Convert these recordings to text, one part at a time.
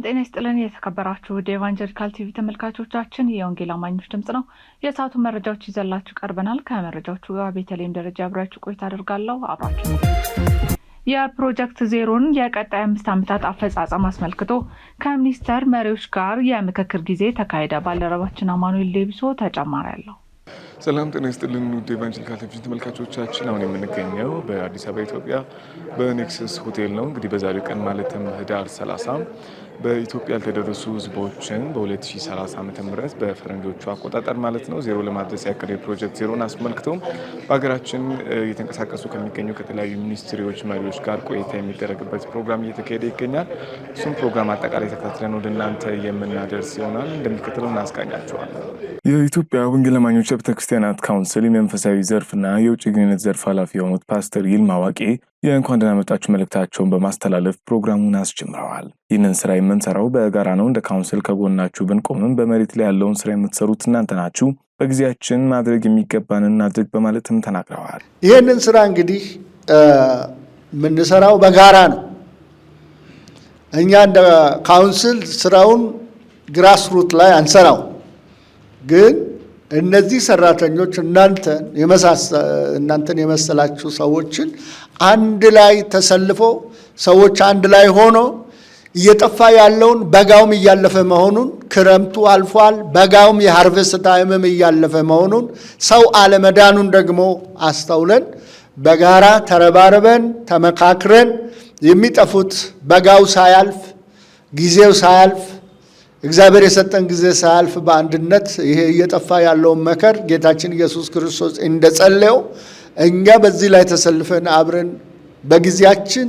ሰላም ጤና ይስጥልን። የተከበራችሁ ወደ ኤቫንጀሊካል ቲቪ ተመልካቾቻችን የወንጌል አማኞች ድምጽ ነው። የሰዓቱ መረጃዎች ይዘላችሁ ቀርበናል። ከመረጃዎቹ ጋር በተለይም ደረጃ አብራችሁ ቆይታ አደርጋለሁ። አብራችሁ የፕሮጀክት ዜሮን የቀጣይ አምስት ዓመታት አፈጻጸም አስመልክቶ ከሚኒስቴር መሪዎች ጋር የምክክር ጊዜ ተካሄደ። ባልደረባችን አማኑኤል ሌቢሶ ተጨማሪ አለው። ሰላም ጤና ይስጥልን ውድ ኢቫንጀሊካል ቴሌቪዥን ተመልካቾቻችን፣ አሁን የምንገኘው በአዲስ አበባ ኢትዮጵያ በኔክሰስ ሆቴል ነው። እንግዲህ በዛሬው ቀን ማለትም ህዳር 30 በኢትዮጵያ ያልተደረሱ ህዝቦችን በ2030 ዓ ም በፈረንጆቹ አቆጣጠር ማለት ነው ዜሮ ለማድረስ ያቀደ የፕሮጀክት ዜሮን አስመልክቶም በሀገራችን እየተንቀሳቀሱ ከሚገኙ ከተለያዩ ሚኒስትሪዎች መሪዎች ጋር ቆይታ የሚደረግበት ፕሮግራም እየተካሄደ ይገኛል። እሱም ፕሮግራም አጠቃላይ ተከታትለን ወደ እናንተ የምናደርስ ይሆናል። እንደሚከተለው እናስቃኛቸዋል። የኢትዮጵያ ወንጌል አማኞች ቤተክርስቲያን ክርስቲያናት ካውንስል የመንፈሳዊ ዘርፍና የውጭ ግንኙነት ዘርፍ ኃላፊ የሆኑት ፓስተር ይልማ ዋቄ የእንኳን ደህና መጣችሁ መልእክታቸውን በማስተላለፍ ፕሮግራሙን አስጀምረዋል። ይህንን ስራ የምንሰራው በጋራ ነው። እንደ ካውንስል ከጎናችሁ ብንቆምም በመሬት ላይ ያለውን ስራ የምትሰሩት እናንተ ናችሁ። በጊዜያችን ማድረግ የሚገባን እናድርግ በማለትም ተናግረዋል። ይህንን ስራ እንግዲህ የምንሰራው በጋራ ነው። እኛ እንደ ካውንስል ስራውን ግራስሩት ላይ አንሰራው ግን እነዚህ ሰራተኞች እናንተን የመሰላችሁ ሰዎችን አንድ ላይ ተሰልፎ ሰዎች አንድ ላይ ሆኖ እየጠፋ ያለውን በጋውም እያለፈ መሆኑን ክረምቱ አልፏል፣ በጋውም የሃርቨስት ታይምም እያለፈ መሆኑን ሰው አለመዳኑን ደግሞ አስተውለን በጋራ ተረባርበን ተመካክረን የሚጠፉት በጋው ሳያልፍ ጊዜው ሳያልፍ እግዚአብሔር የሰጠን ጊዜ ሳያልፍ በአንድነት ይሄ እየጠፋ ያለውን መከር ጌታችን ኢየሱስ ክርስቶስ እንደጸለየው እኛ በዚህ ላይ ተሰልፈን አብረን በጊዜያችን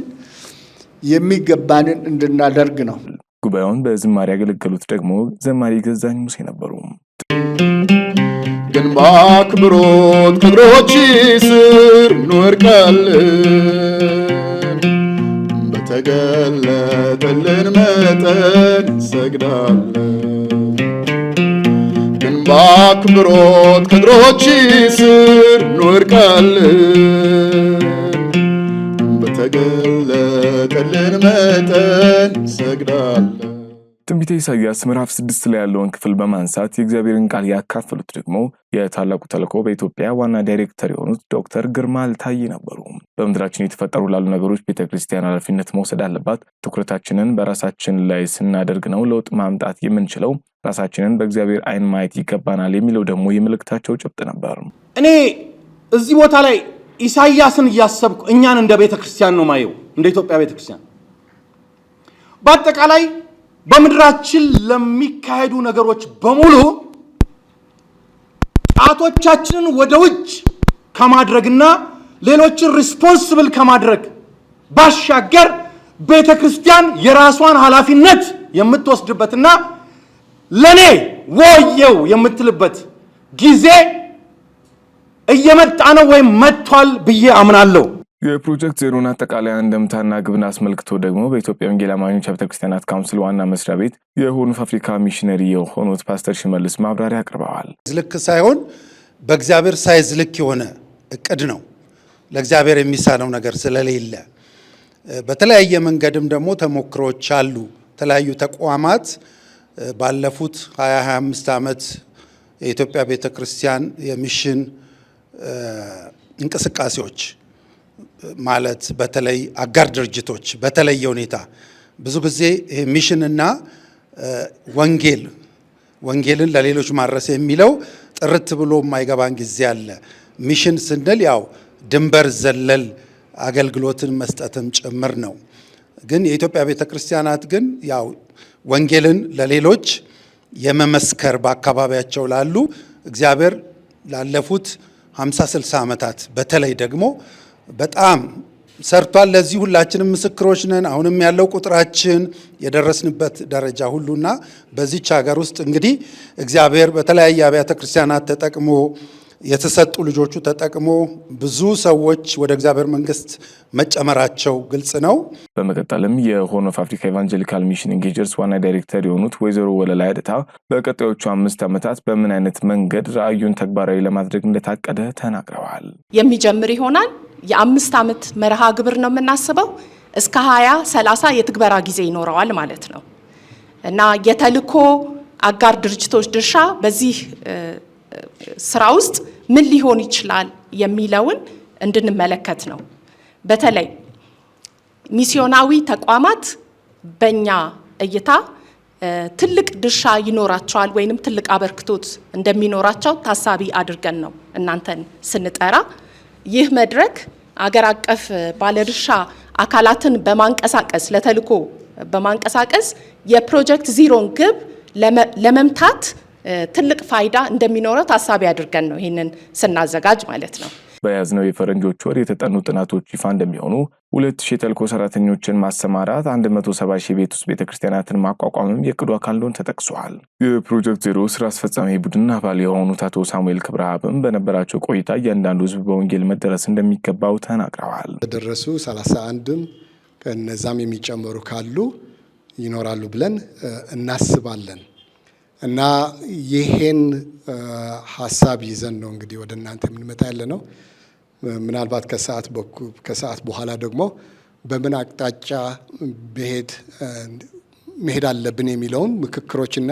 የሚገባንን እንድናደርግ ነው። ጉባኤውን በዝማሬ ያገለገሉት ደግሞ ዘማሪ ገዛኝ ሙሴ ነበሩ። ግን በአክብሮት ክብሮች ስር ኖር በተገለጠልን ለመጠን ሰግዳለሁ ግን በአክብሮት ከእግሮች ስር እንወድቃለን በተገለጠልን መጠን ሰግዳለን ትንቢተ ኢሳይያስ ምዕራፍ ስድስት ላይ ያለውን ክፍል በማንሳት የእግዚአብሔርን ቃል ያካፈሉት ደግሞ የታላቁ ተልዕኮ በኢትዮጵያ ዋና ዳይሬክተር የሆኑት ዶክተር ግርማ አልታዬ ነበሩ። በምድራችን የተፈጠሩ ላሉ ነገሮች ቤተ ክርስቲያን ኃላፊነት መውሰድ አለባት። ትኩረታችንን በራሳችን ላይ ስናደርግ ነው ለውጥ ማምጣት የምንችለው። ራሳችንን በእግዚአብሔር ዓይን ማየት ይገባናል የሚለው ደግሞ የመልእክታቸው ጭብጥ ነበር። እኔ እዚህ ቦታ ላይ ኢሳይያስን እያሰብኩ እኛን እንደ ቤተ ክርስቲያን ነው ማየው፣ እንደ ኢትዮጵያ ቤተ ክርስቲያን በአጠቃላይ በምድራችን ለሚካሄዱ ነገሮች በሙሉ ጣቶቻችንን ወደ ውጭ ከማድረግና ሌሎችን ሪስፖንስብል ከማድረግ ባሻገር ቤተ ክርስቲያን የራሷን ኃላፊነት የምትወስድበትና ለእኔ ወየው የምትልበት ጊዜ እየመጣ ነው ወይም መጥቷል ብዬ አምናለሁ። የፕሮጀክት ዜሮን አጠቃላይ አንድምታና ግብን አስመልክቶ ደግሞ በኢትዮጵያ ወንጌል አማኞች አብያተ ክርስቲያናት ካውንስል ዋና መስሪያ ቤት የሆኑት አፍሪካ ሚሽነሪ የሆኑት ፓስተር ሽመልስ ማብራሪያ አቅርበዋል። ዝልክ ሳይሆን በእግዚአብሔር ሳይዝ ልክ የሆነ እቅድ ነው። ለእግዚአብሔር የሚሳነው ነገር ስለሌለ በተለያየ መንገድም ደግሞ ተሞክሮች አሉ። የተለያዩ ተቋማት ባለፉት 2025 ዓመት የኢትዮጵያ ቤተ ክርስቲያን የሚሽን እንቅስቃሴዎች ማለት በተለይ አጋር ድርጅቶች በተለየ ሁኔታ ብዙ ጊዜ ሚሽን እና ወንጌል ወንጌልን ለሌሎች ማድረስ የሚለው ጥርት ብሎ የማይገባን ጊዜ አለ። ሚሽን ስንል ያው ድንበር ዘለል አገልግሎትን መስጠትም ጭምር ነው። ግን የኢትዮጵያ ቤተ ክርስቲያናት ግን ያው ወንጌልን ለሌሎች የመመስከር በአካባቢያቸው ላሉ እግዚአብሔር ላለፉት 50 60 ዓመታት በተለይ ደግሞ በጣም ሰርቷል። ለዚህ ሁላችንም ምስክሮች ነን። አሁንም ያለው ቁጥራችን የደረስንበት ደረጃ ሁሉና በዚች ሀገር ውስጥ እንግዲህ እግዚአብሔር በተለያየ አብያተ ክርስቲያናት ተጠቅሞ የተሰጡ ልጆቹ ተጠቅሞ ብዙ ሰዎች ወደ እግዚአብሔር መንግስት መጨመራቸው ግልጽ ነው። በመቀጠልም የሆርን ኦፍ አፍሪካ ኤቫንጀሊካል ሚሽን ኢንጌጀርስ ዋና ዳይሬክተር የሆኑት ወይዘሮ ወለላይ ያደታ በቀጣዮቹ አምስት ዓመታት በምን አይነት መንገድ ራዕዩን ተግባራዊ ለማድረግ እንደታቀደ ተናግረዋል። የሚጀምር ይሆናል የአምስት ዓመት መርሃ ግብር ነው የምናስበው። እስከ 20 30 የትግበራ ጊዜ ይኖረዋል ማለት ነው እና የተልእኮ አጋር ድርጅቶች ድርሻ በዚህ ስራ ውስጥ ምን ሊሆን ይችላል የሚለውን እንድንመለከት ነው። በተለይ ሚስዮናዊ ተቋማት በእኛ እይታ ትልቅ ድርሻ ይኖራቸዋል ወይንም ትልቅ አበርክቶት እንደሚኖራቸው ታሳቢ አድርገን ነው እናንተን ስንጠራ ይህ መድረክ አገር አቀፍ ባለድርሻ አካላትን በማንቀሳቀስ ለተልዕኮ በማንቀሳቀስ የፕሮጀክት ዚሮን ግብ ለመምታት ትልቅ ፋይዳ እንደሚኖረው ታሳቢ አድርገን ነው ይህንን ስናዘጋጅ ማለት ነው። በያዝነው የፈረንጆች ወር የተጠኑ ጥናቶች ይፋ እንደሚሆኑ ሺህ ተልኮ ሰራተኞችን ማሰማራት 170 ሺህ ቤት ውስጥ ቤተክርስቲያናትን ማቋቋምም የቅዱ አካል እንደሆነ ተጠቅሷል። የፕሮጀክት ዜሮ ስራ አስፈጻሚ ቡድን አባል የሆኑት አቶ ሳሙኤል ክብረአብም በነበራቸው ቆይታ እያንዳንዱ ህዝብ በወንጌል መደረስ እንደሚገባው ተናግረዋል። ተደረሱ 31ም ከነዛም የሚጨመሩ ካሉ ይኖራሉ ብለን እናስባለን። እና ይሄን ሀሳብ ይዘን ነው እንግዲህ ወደ እናንተ የምንመጣ ያለ ነው። ምናልባት ከሰዓት ከሰዓት በኋላ ደግሞ በምን አቅጣጫ መሄድ መሄድ አለብን የሚለውን ምክክሮችና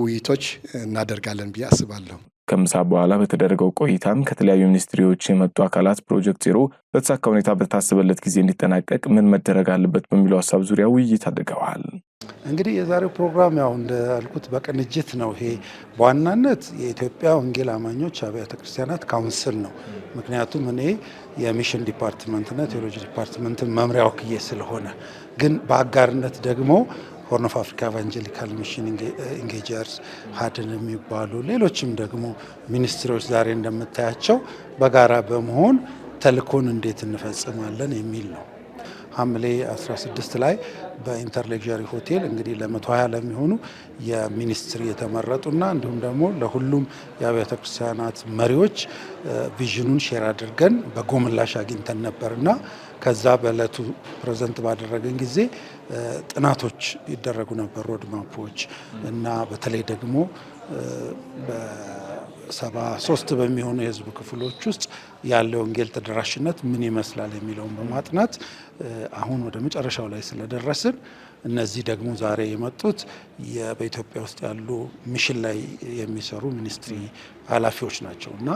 ውይይቶች እናደርጋለን ብዬ አስባለሁ። ከምሳ በኋላ በተደረገው ቆይታም ከተለያዩ ሚኒስትሪዎች የመጡ አካላት ፕሮጀክት ዜሮ በተሳካ ሁኔታ በታሰበለት ጊዜ እንዲጠናቀቅ ምን መደረግ አለበት በሚለው ሀሳብ ዙሪያ ውይይት አድርገዋል። እንግዲህ የዛሬው ፕሮግራም ያው እንዳልኩት በቅንጅት ነው። ይሄ በዋናነት የኢትዮጵያ ወንጌል አማኞች አብያተ ክርስቲያናት ካውንስል ነው። ምክንያቱም እኔ የሚሽን ዲፓርትመንትና ቴዎሎጂ ዲፓርትመንትን መምሪያ ወክዬ ስለሆነ፣ ግን በአጋርነት ደግሞ ሆርን ኦፍ አፍሪካ ኤቫንጀሊካል ሚሽን ኢንጌጀርስ ሀድን የሚባሉ ሌሎችም ደግሞ ሚኒስትሮች ዛሬ እንደምታያቸው በጋራ በመሆን ተልእኮን እንዴት እንፈጽማለን የሚል ነው። ሐምሌ 16 ላይ በኢንተርሌክዠሪ ሆቴል እንግዲህ ለመቶ ሀያ ለሚሆኑ የሚኒስትር የተመረጡና እንዲሁም ደግሞ ለሁሉም የአብያተ ክርስቲያናት መሪዎች ቪዥኑን ሼር አድርገን በጎ ምላሽ አግኝተን ነበርና ከዛ በእለቱ ፕሬዘንት ባደረገን ጊዜ ጥናቶች ይደረጉ ነበር፣ ሮድማፖች እና በተለይ ደግሞ ሰባ ሶስት በሚሆኑ የህዝብ ክፍሎች ውስጥ ያለ ወንጌል ተደራሽነት ምን ይመስላል የሚለውን በማጥናት አሁን ወደ መጨረሻው ላይ ስለደረስን እነዚህ ደግሞ ዛሬ የመጡት በኢትዮጵያ ውስጥ ያሉ ሚሽን ላይ የሚሰሩ ሚኒስትሪ ኃላፊዎች ናቸው እና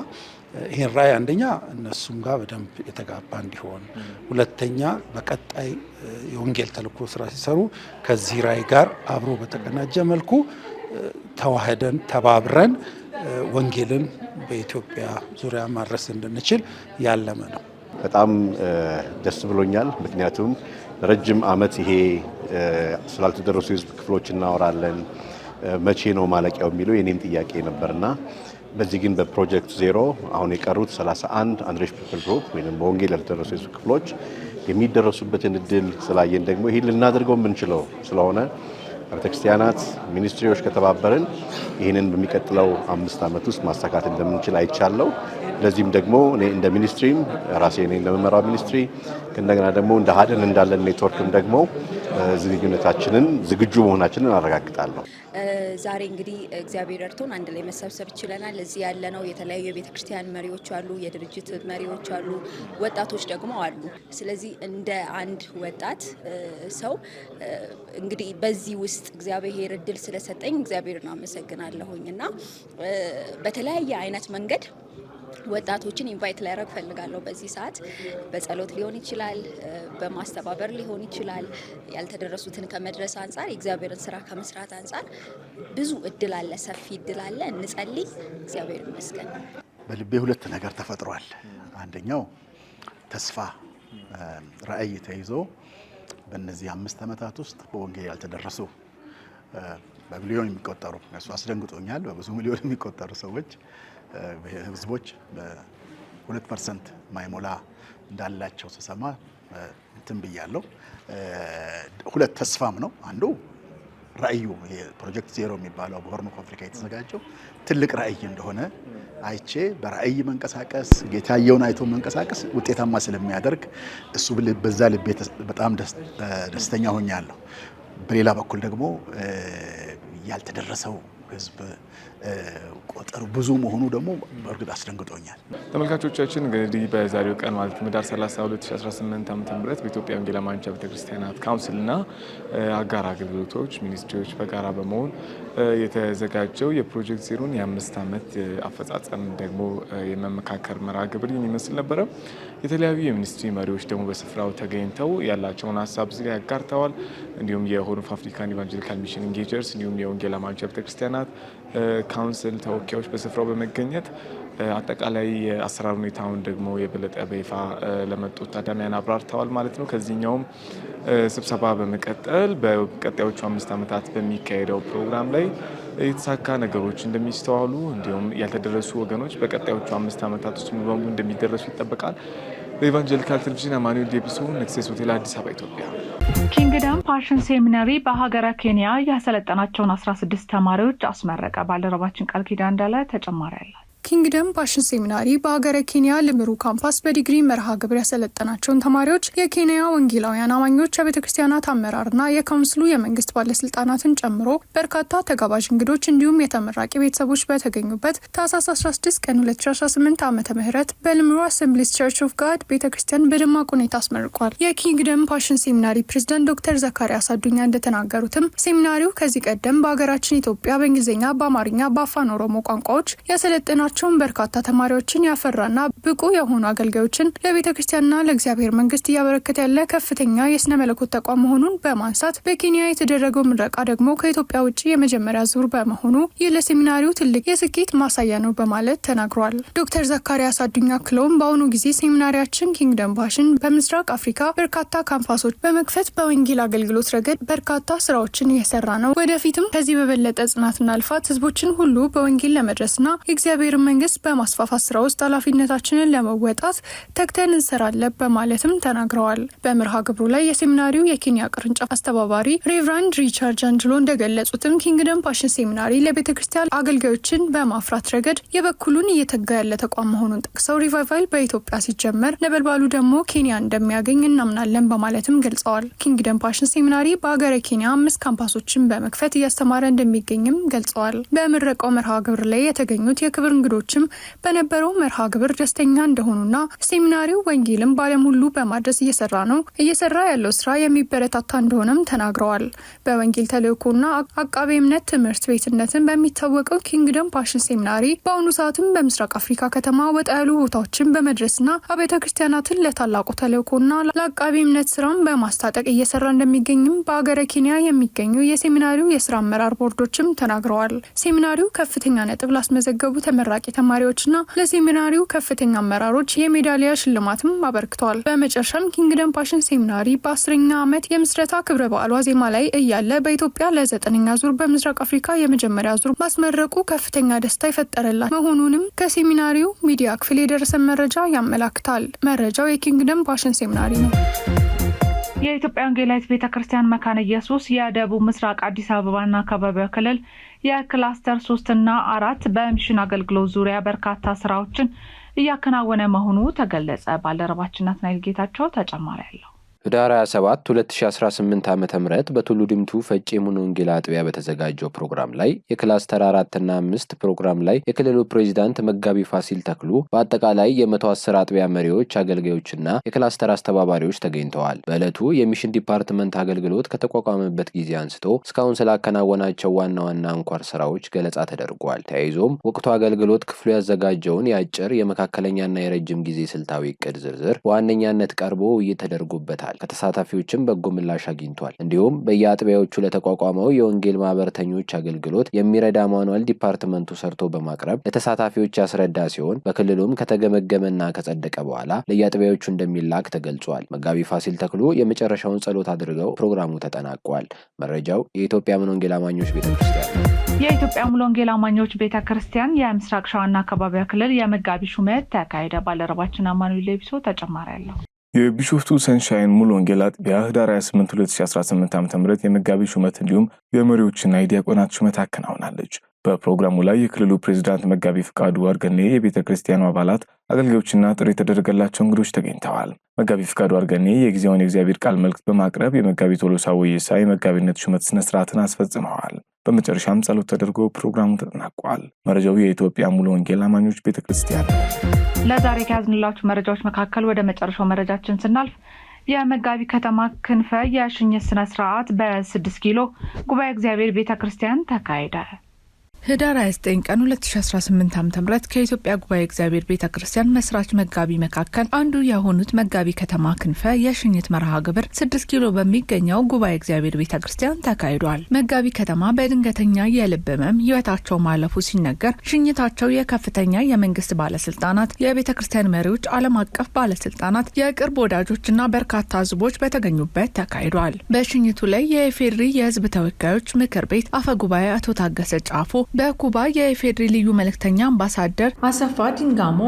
ይህን ራዕይ አንደኛ እነሱም ጋር በደንብ የተጋባ እንዲሆን፣ ሁለተኛ በቀጣይ የወንጌል ተልእኮ ስራ ሲሰሩ ከዚህ ራዕይ ጋር አብሮ በተቀናጀ መልኩ ተዋህደን ተባብረን ወንጌልን በኢትዮጵያ ዙሪያ ማድረስ እንድንችል ያለመ ነው። በጣም ደስ ብሎኛል። ምክንያቱም ረጅም ዓመት ይሄ ስላልተደረሱ የህዝብ ክፍሎች እናወራለን፣ መቼ ነው ማለቂያው የሚለው የኔም ጥያቄ ነበርና በዚህ ግን በፕሮጀክት ዜሮ አሁን የቀሩት 31 አንድሬሽ ፒፕል ግሩፕ ወይም በወንጌል ያልተደረሱ የህዝብ ክፍሎች የሚደረሱበትን እድል ስላየን ደግሞ ይህን ልናደርገው የምንችለው ስለሆነ ቤተክርስቲያናት፣ ሚኒስትሪዎች ከተባበርን ይህንን በሚቀጥለው አምስት ዓመት ውስጥ ማሳካት እንደምንችል አይቻለው። ለዚህም ደግሞ እኔ እንደ ሚኒስትሪም ራሴ እኔ እንደምመራው ሚኒስትሪ እንደገና ደግሞ እንደ ሀደን እንዳለን ኔትወርክም ደግሞ ዝግጁነታችንን ዝግጁ መሆናችንን አረጋግጣለሁ። ዛሬ እንግዲህ እግዚአብሔር እርቶን አንድ ላይ መሰብሰብ ችለናል። እዚህ ያለነው የተለያዩ የቤተ ክርስቲያን መሪዎች አሉ፣ የድርጅት መሪዎች አሉ፣ ወጣቶች ደግሞ አሉ። ስለዚህ እንደ አንድ ወጣት ሰው እንግዲህ በዚህ ውስጥ እግዚአብሔር እድል ስለሰጠኝ ነው አመሰግናለሁኝ እና በተለያየ አይነት መንገድ ወጣቶችን ኢንቫይት ላደርግ ፈልጋለሁ። በዚህ ሰዓት በጸሎት ሊሆን ይችላል፣ በማስተባበር ሊሆን ይችላል። ያልተደረሱትን ከመድረስ አንጻር የእግዚአብሔርን ስራ ከመስራት አንጻር ብዙ እድል አለ፣ ሰፊ እድል አለ። እንጸልይ። እግዚአብሔር ይመስገን። በልቤ ሁለት ነገር ተፈጥሯል። አንደኛው ተስፋ ራዕይ ተይዞ በእነዚህ አምስት ዓመታት ውስጥ በወንጌል ያልተደረሱ በሚሊዮን የሚቆጠሩ እሱ አስደንግጦኛል። በብዙ ሚሊዮን የሚቆጠሩ ሰዎች ህዝቦች በሁለት ፐርሰንት ማይሞላ እንዳላቸው ስሰማ እንትን ብያለሁ። ሁለት ተስፋም ነው። አንዱ ራእዩ ፕሮጀክት ዜሮ የሚባለው በሆርን ኦፍ አፍሪካ የተዘጋጀው ትልቅ ራእይ እንደሆነ አይቼ በራእይ መንቀሳቀስ የታየውን አይቶ መንቀሳቀስ ውጤታማ ስለሚያደርግ እሱ በዛ ልቤ በጣም ደስተኛ ሆኛለሁ። በሌላ በኩል ደግሞ ያልተደረሰው ህዝብ ቁጥር ብዙ መሆኑ ደግሞ በእርግጥ አስደንግጦኛል። ተመልካቾቻችን እንግዲህ በዛሬው ቀን ማለት ምዳር 30 2018 ዓ ም በኢትዮጵያ ወንጌል አማኞች ቤተክርስቲያናት ካውንስልና አጋር አገልግሎቶች ሚኒስትሪዎች በጋራ በመሆን የተዘጋጀው የፕሮጀክት ዜሮን የአምስት ዓመት አፈጻጸም ደግሞ የመመካከር መርሃ ግብር ይመስል ነበረ። የተለያዩ የሚኒስትሪ መሪዎች ደግሞ በስፍራው ተገኝተው ያላቸውን ሀሳብ ዚ ያጋርተዋል። እንዲሁም የሆርን ኦፍ አፍሪካን ኢቫንጀሊካል ሚሽን ኢንጌጀርስ እንዲሁም የወንጌል አማኞች ቤተክርስቲያናት ካውንስል ተወካዮች በስፍራው በመገኘት አጠቃላይ የአሰራር ሁኔታውን ደግሞ የበለጠ በይፋ ለመጡት ታዳሚያን አብራርተዋል ማለት ነው። ከዚህኛውም ስብሰባ በመቀጠል በቀጣዮቹ አምስት ዓመታት በሚካሄደው ፕሮግራም ላይ የተሳካ ነገሮች እንደሚስተዋሉ እንዲሁም ያልተደረሱ ወገኖች በቀጣዮቹ አምስት ዓመታት ውስጥ ሙሉ በሙሉ እንደሚደረሱ ይጠበቃል። በኤቫንጀሊካል ቴሌቪዥን አማኑኤል ዴቢሶ ነክሴስ ሆቴል አዲስ አበባ ኢትዮጵያ። ኪንግደም ፓሽን ሴሚናሪ በሀገረ ኬንያ ያሰለጠናቸውን 16 ተማሪዎች አስመረቀ። ባልደረባችን ቃል ኪዳ እንዳለ ተጨማሪ አላት። ኪንግደም ፓሽን ሴሚናሪ በሀገረ ኬንያ ልምሩ ካምፓስ በዲግሪ መርሃ ግብር ያሰለጠናቸውን ተማሪዎች የኬንያ ወንጌላውያን አማኞች የቤተ ክርስቲያናት አመራርና የካውንስሉ የመንግስት ባለስልጣናትን ጨምሮ በርካታ ተጋባዥ እንግዶች እንዲሁም የተመራቂ ቤተሰቦች በተገኙበት ታህሳስ 16 ቀን 2018 ዓ ም በልምሩ አሰምብሊስ ቸርች ኦፍ ጋድ ቤተ ክርስቲያን በደማቅ ሁኔታ አስመርቋል። የኪንግደም ፓሽን ሴሚናሪ ፕሬዚዳንት ዶክተር ዘካሪያስ አዱኛ እንደተናገሩትም ሴሚናሪው ከዚህ ቀደም በሀገራችን ኢትዮጵያ በእንግሊዝኛ፣ በአማርኛ፣ በአፋን ኦሮሞ ቋንቋዎች ያሰለጠና በመሆናቸውም በርካታ ተማሪዎችን ያፈራና ብቁ የሆኑ አገልጋዮችን ለቤተ ክርስቲያንና ለእግዚአብሔር መንግስት እያበረከተ ያለ ከፍተኛ የስነ መለኮት ተቋም መሆኑን በማንሳት በኬንያ የተደረገው ምረቃ ደግሞ ከኢትዮጵያ ውጭ የመጀመሪያ ዙር በመሆኑ ይህ ለሴሚናሪው ትልቅ የስኬት ማሳያ ነው በማለት ተናግሯል። ዶክተር ዘካሪያስ አዱኛ አክለውም በአሁኑ ጊዜ ሴሚናሪያችን ኪንግደም ፓሽን በምስራቅ አፍሪካ በርካታ ካምፓሶች በመክፈት በወንጌል አገልግሎት ረገድ በርካታ ስራዎችን እየሰራ ነው። ወደፊትም ከዚህ በበለጠ ጽናትና ልፋት ህዝቦችን ሁሉ በወንጌል ለመድረስና የእግዚአብሔር የሀገርን መንግስት በማስፋፋት ስራ ውስጥ ኃላፊነታችንን ለመወጣት ተግተን እንሰራለን በማለትም ተናግረዋል። በምርሃ ግብሩ ላይ የሴሚናሪው የኬንያ ቅርንጫፍ አስተባባሪ ሬቨራንድ ሪቻርድ አንጅሎ እንደገለጹትም ኪንግደም ፓሽን ሴሚናሪ ለቤተ ክርስቲያን አገልጋዮችን በማፍራት ረገድ የበኩሉን እየተጋ ያለ ተቋም መሆኑን ጠቅሰው ሪቫይቫል በኢትዮጵያ ሲጀመር ነበልባሉ ደግሞ ኬንያ እንደሚያገኝ እናምናለን በማለትም ገልጸዋል። ኪንግደም ፓሽን ሴሚናሪ በሀገረ ኬንያ አምስት ካምፓሶችን በመክፈት እያስተማረ እንደሚገኝም ገልጸዋል። በምረቃው መርሃ ግብር ላይ የተገኙት የክብር እንግዶ እንግዶችም በነበረው መርሃ ግብር ደስተኛ እንደሆኑና ሴሚናሪው ወንጌልን በዓለም ሁሉ በማድረስ እየሰራ ነው፣ እየሰራ ያለው ስራ የሚበረታታ እንደሆነም ተናግረዋል። በወንጌል ተልእኮና አቃቤ እምነት ትምህርት ቤትነትን በሚታወቀው ኪንግደም ፓሽን ሴሚናሪ በአሁኑ ሰዓትም በምስራቅ አፍሪካ ከተማ ወጣ ያሉ ቦታዎችን በመድረስና አብያተ ክርስቲያናትን ለታላቁ ተልእኮና ለአቃቤ እምነት ስራም በማስታጠቅ እየሰራ እንደሚገኝም በሀገረ ኬንያ የሚገኙ የሴሚናሪው የስራ አመራር ቦርዶችም ተናግረዋል። ሴሚናሪው ከፍተኛ ነጥብ ላስመዘገቡ ተመራ ለተመራቂ ተማሪዎችና ለሴሚናሪው ከፍተኛ አመራሮች የሜዳሊያ ሽልማትም አበርክተዋል። በመጨረሻም ኪንግደም ፓሽን ሴሚናሪ በአስረኛ ዓመት የምስረታ ክብረ በዓሉ ዜማ ላይ እያለ በኢትዮጵያ ለዘጠነኛ ዙር በምስራቅ አፍሪካ የመጀመሪያ ዙር ማስመረቁ ከፍተኛ ደስታ ይፈጠረላል መሆኑንም ከሴሚናሪው ሚዲያ ክፍል የደረሰን መረጃ ያመላክታል። መረጃው የኪንግደም ፓሽን ሴሚናሪ ነው። የኢትዮጵያ ወንጌላዊት ቤተ ክርስቲያን መካነ ኢየሱስ የደቡብ ምስራቅ አዲስ አበባና አካባቢዋ ክልል የክላስተር ሶስትና አራት በሚሽን አገልግሎት ዙሪያ በርካታ ስራዎችን እያከናወነ መሆኑ ተገለጸ። ባልደረባችን ናትናኤል ጌታቸው ተጨማሪ አለው። ህዳር 27 2018 ዓ ም በቱሉ ዲምቱ ፈጬ ሙሉ ወንጌል አጥቢያ በተዘጋጀው ፕሮግራም ላይ የክላስተር አራትና አምስት ፕሮግራም ላይ የክልሉ ፕሬዚዳንት መጋቢ ፋሲል ተክሉ በአጠቃላይ የ110 አጥቢያ መሪዎች፣ አገልጋዮችና የክላስተር አስተባባሪዎች ተገኝተዋል። በዕለቱ የሚሽን ዲፓርትመንት አገልግሎት ከተቋቋመበት ጊዜ አንስቶ እስካሁን ስላከናወናቸው ዋና ዋና አንኳር ስራዎች ገለጻ ተደርጓል። ተያይዞም ወቅቱ አገልግሎት ክፍሉ ያዘጋጀውን የአጭር የመካከለኛና የረጅም ጊዜ ስልታዊ እቅድ ዝርዝር በዋነኛነት ቀርቦ ውይይት ተደርጎበታል። ይገኛል። ከተሳታፊዎችም በጎ ምላሽ አግኝቷል። እንዲሁም በየአጥቢያዎቹ ለተቋቋመው የወንጌል ማህበረተኞች አገልግሎት የሚረዳ ማኑዋል ዲፓርትመንቱ ሰርቶ በማቅረብ ለተሳታፊዎች ያስረዳ ሲሆን በክልሉም ከተገመገመና ከጸደቀ በኋላ ለየአጥቢያዎቹ እንደሚላክ ተገልጿል። መጋቢ ፋሲል ተክሉ የመጨረሻውን ጸሎት አድርገው ፕሮግራሙ ተጠናቋል። መረጃው የኢትዮጵያ ምን ወንጌል አማኞች ቤተ ክርስቲያን ነው። የኢትዮጵያ ሙሉ ወንጌል አማኞች ቤተ ክርስቲያን የምስራቅ ሸዋና አካባቢያ ክልል የመጋቢ ሹመት ተካሄደ። ባልደረባችን አማኑ ሌቢሶ ተጨማሪ አለው። የቢሾፍቱ ሰንሻይን ሙሉ ወንጌል አጥቢያ ህዳር 28 2018 ዓ ም የመጋቢ ሹመት እንዲሁም የመሪዎችና የዲያቆናት ሹመት አከናውናለች። በፕሮግራሙ ላይ የክልሉ ፕሬዚዳንት መጋቢ ፍቃዱ አርገኔ፣ የቤተ ክርስቲያኑ አባላት፣ አገልጋዮችና ጥሪ የተደረገላቸው እንግዶች ተገኝተዋል። መጋቢ ፍቃዱ አርገኔ የጊዜውን የእግዚአብሔር ቃል መልእክት በማቅረብ የመጋቢ ቶሎሳ ወይሳ የመጋቢነት ሹመት ስነስርዓትን አስፈጽመዋል። በመጨረሻም ጸሎት ተደርጎ ፕሮግራሙ ተጠናቋል። መረጃው የኢትዮጵያ ሙሉ ወንጌል አማኞች ቤተ ክርስቲያን። ለዛሬ ከያዝንላችሁ መረጃዎች መካከል ወደ መጨረሻው መረጃችን ስናልፍ የመጋቢ ከተማ ክንፈ የሽኝት ስነ ስርዓት በስድስት ኪሎ ጉባኤ እግዚአብሔር ቤተ ክርስቲያን ተካሄደ። ህዳር 29 ቀን 2018 ዓ ም ከኢትዮጵያ ጉባኤ እግዚአብሔር ቤተ ክርስቲያን መስራች መጋቢ መካከል አንዱ የሆኑት መጋቢ ከተማ ክንፈ የሽኝት መርሃ ግብር 6 ኪሎ በሚገኘው ጉባኤ እግዚአብሔር ቤተ ክርስቲያን ተካሂዷል። መጋቢ ከተማ በድንገተኛ የልብ ህመም ህይወታቸው ማለፉ ሲነገር ሽኝታቸው የከፍተኛ የመንግስት ባለስልጣናት፣ የቤተ ክርስቲያን መሪዎች፣ ዓለም አቀፍ ባለስልጣናት፣ የቅርብ ወዳጆችና በርካታ ህዝቦች በተገኙበት ተካሂዷል። በሽኝቱ ላይ የኢፌዴሪ የህዝብ ተወካዮች ምክር ቤት አፈ ጉባኤ አቶ ታገሰ ጫፎ በኩባ የኢፌዴሪ ልዩ መልእክተኛ አምባሳደር አሰፋ ዲንጋሞ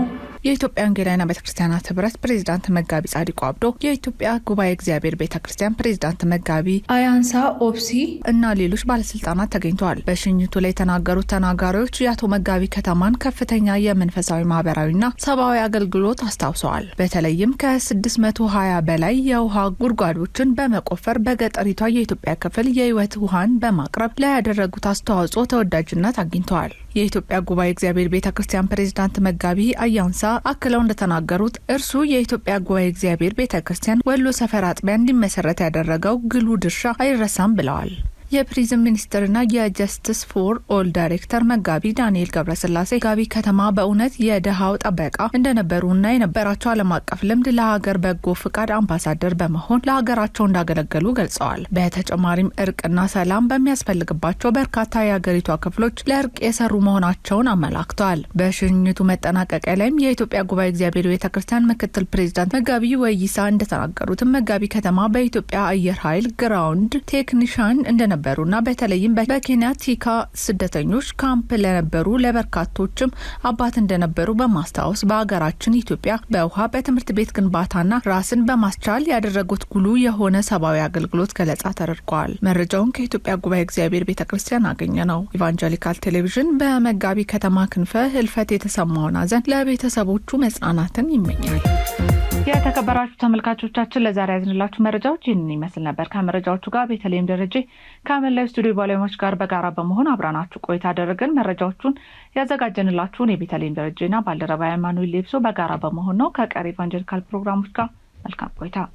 የኢትዮጵያ ወንጌላውያን ቤተክርስቲያናት ህብረት ፕሬዚዳንት መጋቢ ጻዲቁ አብዶ፣ የኢትዮጵያ ጉባኤ እግዚአብሔር ቤተክርስቲያን ፕሬዚዳንት መጋቢ አያንሳ ኦፕሲ እና ሌሎች ባለስልጣናት ተገኝተዋል። በሽኝቱ ላይ የተናገሩት ተናጋሪዎች የአቶ መጋቢ ከተማን ከፍተኛ የመንፈሳዊ ማህበራዊና ሰብአዊ አገልግሎት አስታውሰዋል። በተለይም ከ620 በላይ የውሃ ጉድጓዶችን በመቆፈር በገጠሪቷ የኢትዮጵያ ክፍል የህይወት ውሃን በማቅረብ ላይ ያደረጉት አስተዋጽኦ ተወዳጅነት አግኝተዋል። የኢትዮጵያ ጉባኤ እግዚአብሔር ቤተ ክርስቲያን ፕሬዚዳንት መጋቢ አያንሳ አክለው እንደተናገሩት እርሱ የኢትዮጵያ ጉባኤ እግዚአብሔር ቤተ ክርስቲያን ወሎ ሰፈር አጥቢያ እንዲመሰረት ያደረገው ግሉ ድርሻ አይረሳም ብለዋል። የፕሪዝም ሚኒስትርና የጀስትስ ፎር ኦል ዳይሬክተር መጋቢ ዳንኤል ገብረስላሴ ጋቢ ከተማ በእውነት የድሃው ጠበቃ እንደነበሩና የነበራቸው ዓለም አቀፍ ልምድ ለሀገር በጎ ፍቃድ አምባሳደር በመሆን ለሀገራቸው እንዳገለገሉ ገልጸዋል። በተጨማሪም እርቅና ሰላም በሚያስፈልግባቸው በርካታ የሀገሪቷ ክፍሎች ለእርቅ የሰሩ መሆናቸውን አመላክተዋል። በሽኝቱ መጠናቀቂያ ላይም የኢትዮጵያ ጉባኤ እግዚአብሔር ቤተክርስቲያን ምክትል ፕሬዚዳንት መጋቢ ወይሳ እንደተናገሩትም መጋቢ ከተማ በኢትዮጵያ አየር ኃይል ግራውንድ ቴክኒሻን እንደነበ ለነበሩና በተለይም በኬንያ ቲካ ስደተኞች ካምፕ ለነበሩ ለበርካቶችም አባት እንደነበሩ በማስታወስ በሀገራችን ኢትዮጵያ በውሃ በትምህርት ቤት ግንባታና ራስን በማስቻል ያደረጉት ጉሉ የሆነ ሰብአዊ አገልግሎት ገለጻ ተደርገዋል። መረጃውን ከኢትዮጵያ ጉባኤ እግዚአብሔር ቤተ ክርስቲያን አገኘ ነው። ኢቫንጀሊካል ቴሌቪዥን በመጋቢ ከተማ ክንፈ ህልፈት የተሰማውን አዘን ለቤተሰቦቹ መጽናናትን ይመኛል። የተከበራችሁ ተመልካቾቻችን ለዛሬ ያዝንላችሁ መረጃዎች ይህንን ይመስል ነበር። ከመረጃዎቹ ጋር በተለይም ደረጀ ከመላዊ ስቱዲዮ ባለሙያዎች ጋር በጋራ በመሆን አብራናችሁ ቆይታ አደረግን። መረጃዎቹን ያዘጋጀንላችሁን የቤተልሔም ደረጀና ባልደረባ ሃይማኖት ሌብሶ በጋራ በመሆን ነው። ከቀሪ ኢቫንጀሊካል ፕሮግራሞች ጋር መልካም ቆይታ